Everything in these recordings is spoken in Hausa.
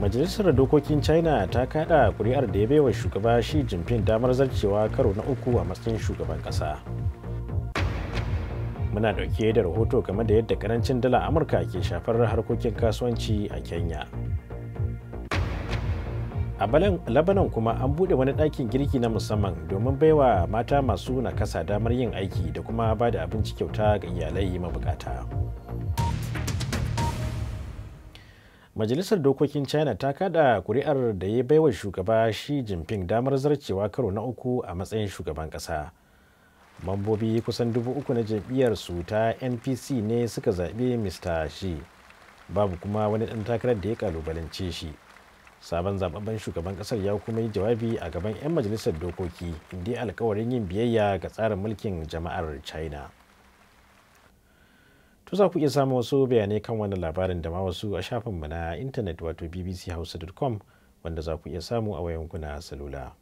majalisar dokokin china ta kada kuri'ar da ya bai wa shugaba shi jinping damar zarcewa karo na uku a matsayin shugaban kasa muna dauke da rahoto game da yadda karancin dala amurka ke shafar harkokin kasuwanci a kenya a labanan kuma an bude wani ɗakin girki na musamman domin baiwa mata masu nakasa damar yin aiki da kuma ba da abinci kyauta ga iyalai mabukata. majalisar dokokin china ta kada kuri'ar da ya baiwa shugaba shi jinping damar zarcewa karo na uku a matsayin shugaban kasa mambobi kusan dubu uku na jam'iyyar su ta npc ne suka zaɓi mr shi babu kuma wani ɗan takarar da ya kalubalance shi sabon zababben shugaban kasar ya kuma yi jawabi a gaban 'yan majalisar dokoki inda alkawarin yin biyayya ga tsarin mulkin jama'ar china to za ku iya samun wasu bayanai kan wannan labarin da ma wasu a shafinmu na intanet wato bbchausa.com wanda za ku iya samu a wayanku na salula.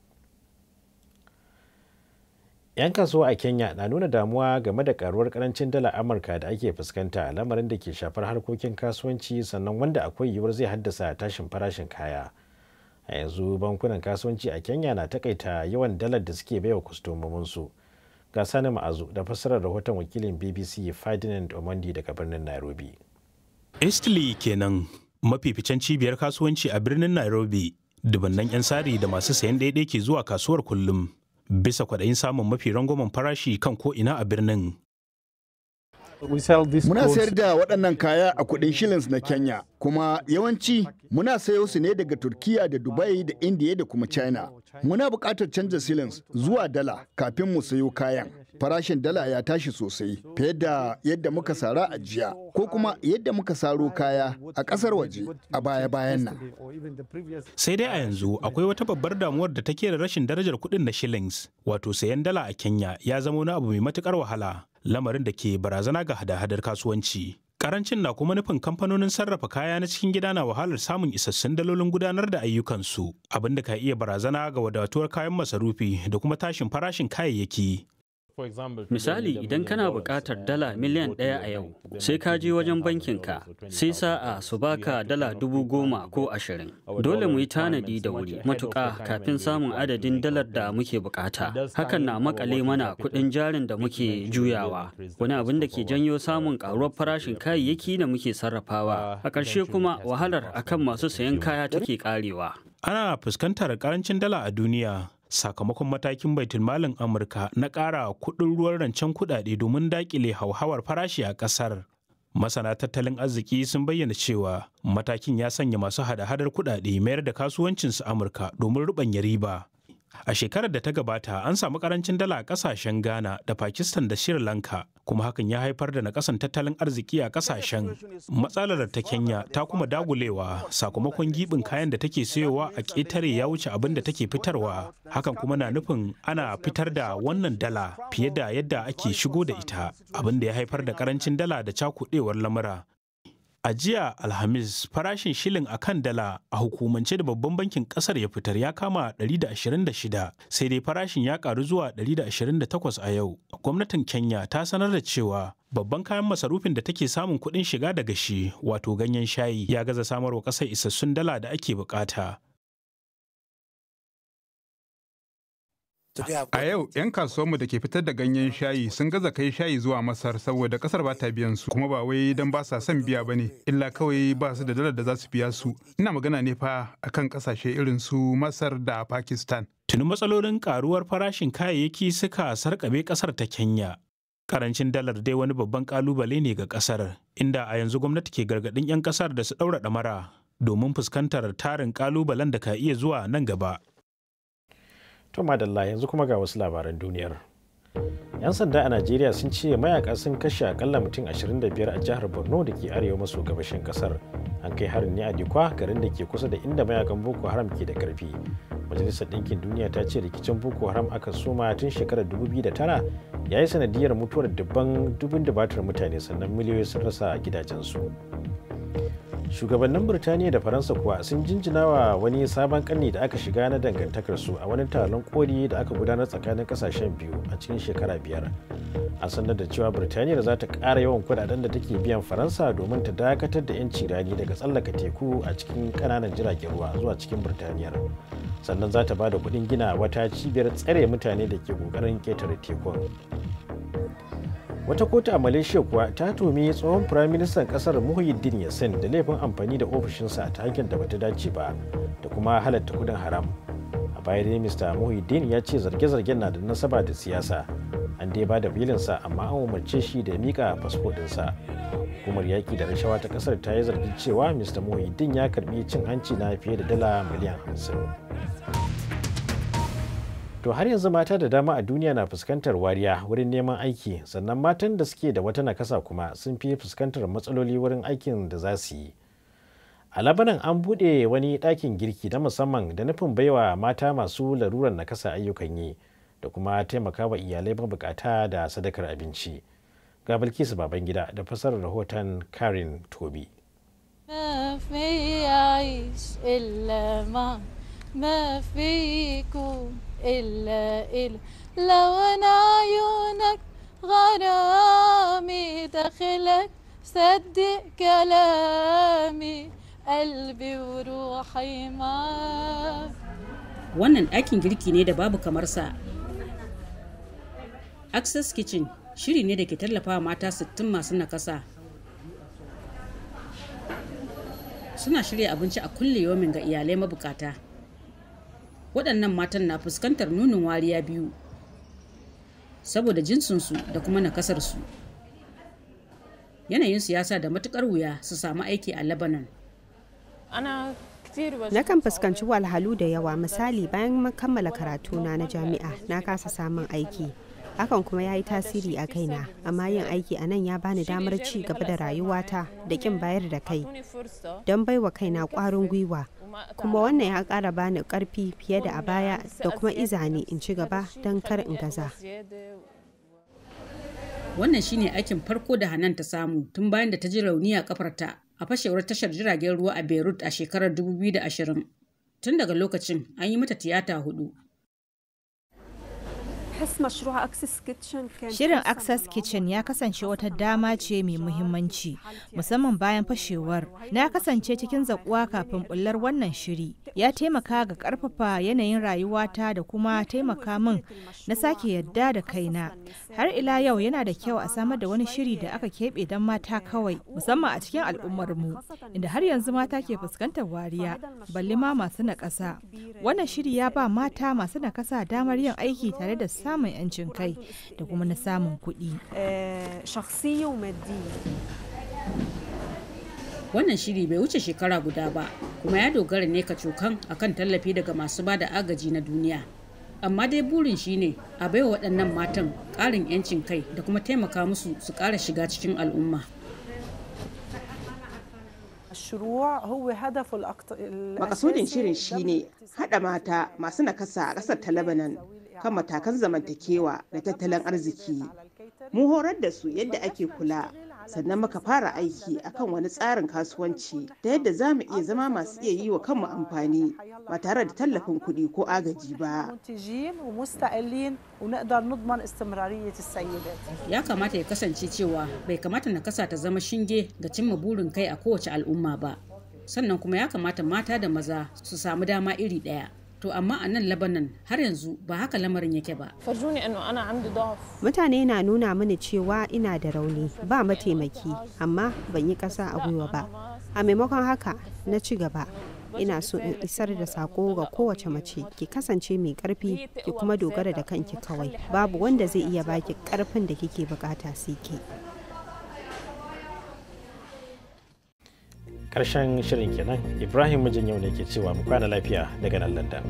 'yan kasuwa a kenya na nuna damuwa game da karuwar karancin dala amurka da ake fuskanta a lamarin da ke shafar harkokin kasuwanci sannan wanda akwai yiwuwar zai haddasa tashin farashin kaya a yanzu bankunan kasuwanci a kenya na takaita yawan dalar da suke baiwa kwastomominsu ga sani ma'azu da fassarar rahoton wakilin bbc ferdinand omondi daga birnin nairobi Eastleigh kenan mafificen cibiyar kasuwanci a birnin nairobi dubannan 'yan sari da masu sayan daidai ke zuwa kasuwar kullum bisa kwaɗayin samun mafi rangwamen farashi kan ko ina a birnin Muna sayar da waɗannan kaya a kuɗin shillings na Kenya, kuma yawanci muna sayo su ne daga Turkiya da Dubai da Indiya da kuma China. Muna buƙatar canza shillings zuwa dala kafin mu sayo kayan. Farashin dala ya tashi sosai fiye da yadda muka sara a jiya ko kuma yadda muka saro kaya a ƙasar waje a baya-bayan nan. Sai dai a yanzu akwai wata babbar damuwar da take da rashin darajar kuɗin na shillings, wato sayan dala a Kenya ya zama wani abu mai matuƙar wahala. lamarin da ke barazana ga hada-hadar kasuwanci. Karancin na kuma nufin kamfanonin sarrafa kaya na cikin gida na wahalar samun isassun dalolin gudanar da ayyukansu, abin da ka iya barazana ga wadatuwar kayan masarufi da kuma tashin farashin kayayyaki. Misali idan kana buƙatar eh, dala miliyan ɗaya a yau, sai ka je wajen bankinka, sai sa'a su baka dala dubu goma ko ashirin. Dole mu yi tanadi da wuri matuƙa kafin samun adadin dalar da muke buƙata. Hakan na maƙale mana kuɗin jarin da muke juyawa, wani abin da ke janyo samun ƙaruwar farashin kayayyaki da muke sarrafawa. A ƙarshe kuma wahalar akan masu sayan kaya take ƙarewa. Ana fuskantar ƙarancin dala a duniya. sakamakon matakin malin Amurka na ƙara kuɗin ruwan rancen kudade domin daƙile hauhawar farashi a ƙasar. Masana tattalin arziki sun bayyana cewa matakin ya sanya masu hada-hadar kudade mayar da kasuwancinsu Amurka domin rubanya riba. A shekarar da ta gabata an samu ƙarancin dala a ƙasashen Ghana da Pakistan da Sri Lanka kuma hakan ya haifar da nakasan tattalin arziki a kasashen matsalar ta kenya ta kuma dagulewa sakamakon gibin kayan da take sayowa a ƙetare ya wuce abin da take fitarwa hakan kuma na nufin ana fitar da wannan dala fiye da yadda ake shigo da ita abin da ya haifar da karancin dala da cakuɗewar lamura A jiya Alhamis farashin shilin a kan dala a hukumance da babban bankin kasar ya fitar ya kama 126 sai dai farashin ya karu zuwa 128 a yau. Gwamnatin Kenya ta sanar da cewa babban kayan masarufin da take samun kuɗin shiga daga shi wato ganyen shayi ya gaza samarwa ƙasar isassun dala da ake bukata. A yau 'yan kasuwanmu da ke fitar da ganyen shayi sun gaza kai shayi zuwa Masar saboda kasar ba ta biyan su kuma ba wai don ba sa son biya ba ne illa kawai ba su da dalar da za su biya su. Ina magana ne fa a kan ƙasashe irin su Masar da Pakistan. Tuni matsalolin karuwar farashin kayayyaki suka sarƙaɓe ƙasar ta Kenya. Karancin dalar dai wani babban ƙalubale ne ga ƙasar, inda a yanzu gwamnati ke gargaɗin 'yan ƙasar da su ɗaura ɗamara domin fuskantar tarin ƙalubalen da ka iya zuwa nan gaba. To madalla yanzu kuma ga wasu labaran duniyar. 'Yan sanda a Najeriya sun ce mayaka sun kashe akalla mutum 25 a jihar Borno da ke arewa maso gabashin kasar. An kai harin ne a Dikwa garin da ke kusa da inda mayakan Boko Haram ke da karfi. Majalisar Ɗinkin Duniya ta ce rikicin Boko Haram aka soma tun shekarar 2009 ya yi sanadiyar mutuwar dubban dubin dubatar mutane sannan miliyoyi sun rasa gidajensu. shugabannin birtaniya da faransa kuwa sun jinjina wa wani sabon kanni da aka shiga na dangantakar su a wani taron koli da aka gudanar tsakanin kasashen biyu a cikin shekara biyar a sanar da cewa birtaniya za ta kara yawan kudaden da take biyan faransa domin ta dakatar da 'yanci rani daga tsallaka teku a cikin kananan jiragen ruwa zuwa cikin birtaniyar sannan za ta ba da kuɗin gina wata cibiyar tsare mutane da ke kokarin ketare tekun wata kotu a malaysia kuwa ta tumi tsohon firaministan kasar muhyiddin yasin da laifin amfani da ofishinsa ta hanyar da bata dace ba da kuma halatta kudin haram a baya dai mista muhyiddin ya ce zarge-zargen na da nasaba da siyasa an dai ba da bilinsa amma an umarce shi da mika fasfo ɗinsa hukumar yaƙi da rashawa ta kasar ta yi zargin cewa mista muhyiddin ya karbi cin hanci na fiye da dala miliyan hamsin. to har yanzu mata da dama a duniya na fuskantar wariya wurin neman aiki sannan matan da suke da wata nakasa kuma sun fi fuskantar matsaloli wurin aikin da za su yi a labanan an buɗe wani ɗakin girki na musamman da nufin baiwa mata masu laruran nakasa ayyukan yi da kuma taimakawa iyalai mabukata da sadakar abinci ga bilkisu baban gida da fasar rahoton karin tobi ما إلا إلا لو أنا عيونك غرامي داخلك صدق كلامي قلبي وروحي معك wannan ɗakin girki ne da babu kamar sa access kitchen shiri ne da ke tallafa mata 60 masu nakasa suna shirya abinci a kulle yomin ga iyalai mabukata waɗannan matan na fuskantar nunin wariya biyu saboda jinsinsu da kuma nakasarsu yanayin siyasa da matukar wuya su samu aiki a lebanon kan fuskanci walhalu da yawa misali bayan kammala karatuna na jami'a na kasa samun aiki. Hakan kuma ya yi tasiri a kaina, amma yin aiki a nan ya bani damar ci gaba da rayuwata da kin bayar da kai, don baiwa kaina ƙwarin gwiwa kuma wannan ya kara bani karfi fiye da a baya da kuma izani in ci gaba don kar in gaza wannan shine aikin farko da hanan ta samu tun bayan da ta ji rauni a kafarta a fashewar tashar jiragen ruwa a beirut a shekarar 2020 tun daga lokacin an yi mata tiyata hudu Shirin Access Kitchen ya kasance wata dama ce mai muhimmanci, musamman bayan fashewar. Na kasance cikin zakuwa kafin bullar wannan shiri. Ya taimaka ga karfafa yanayin rayuwata da kuma taimaka min na sake yadda da kaina. Har ila yau yana da kyau a samar da wani shiri da aka keɓe don mata kawai, musamman a cikin al'ummarmu, inda har yanzu mata ke fuskantar wariya, balima ma masu naƙasa. Wannan shiri ya ba mata masu naƙasa damar yin aiki tare da samun 'yancin kai da kuma na samun kuɗi. Eh, Wannan shiri bai wuce shekara guda ba, kuma ya dogara ne ka cokan a kan tallafi daga masu ba da agaji na duniya. Amma dai burin shi ne a baiwa waɗannan matan ƙarin 'yancin kai da kuma taimaka musu su ƙara shiga cikin al'umma. Makasudin shirin shine haɗa mata masu nakasa a ƙasar ta Lebanon kan matakan zamantakewa da tattalin arziki mu horar da su yadda ake kula sannan muka fara aiki akan wani tsarin kasuwanci da yadda za mu iya zama masu iya yi wa kanmu amfani ba tare da tallafin kuɗi ko agaji ba. Ya kamata ya kasance cewa bai kamata na kasa ta zama shinge ga cimma burin kai a kowace al'umma ba. Sannan kuma ya kamata mata da maza su samu dama iri ɗaya. to amma a nan labanan har yanzu ba haka lamarin yake ba mutane na nuna mini cewa ina da rauni ba mataimaki amma ban yi ƙasa a gwiwa ba a maimakon haka na ci gaba ina so in isar da sako ga kowace mace ki kasance mai karfi ki kuma dogara da kanki kawai babu wanda zai iya baki karfin da kike bukata sai ke karshen shirin kenan ibrahim mijin yau ne ke cewa mu kwana lafiya daga nan london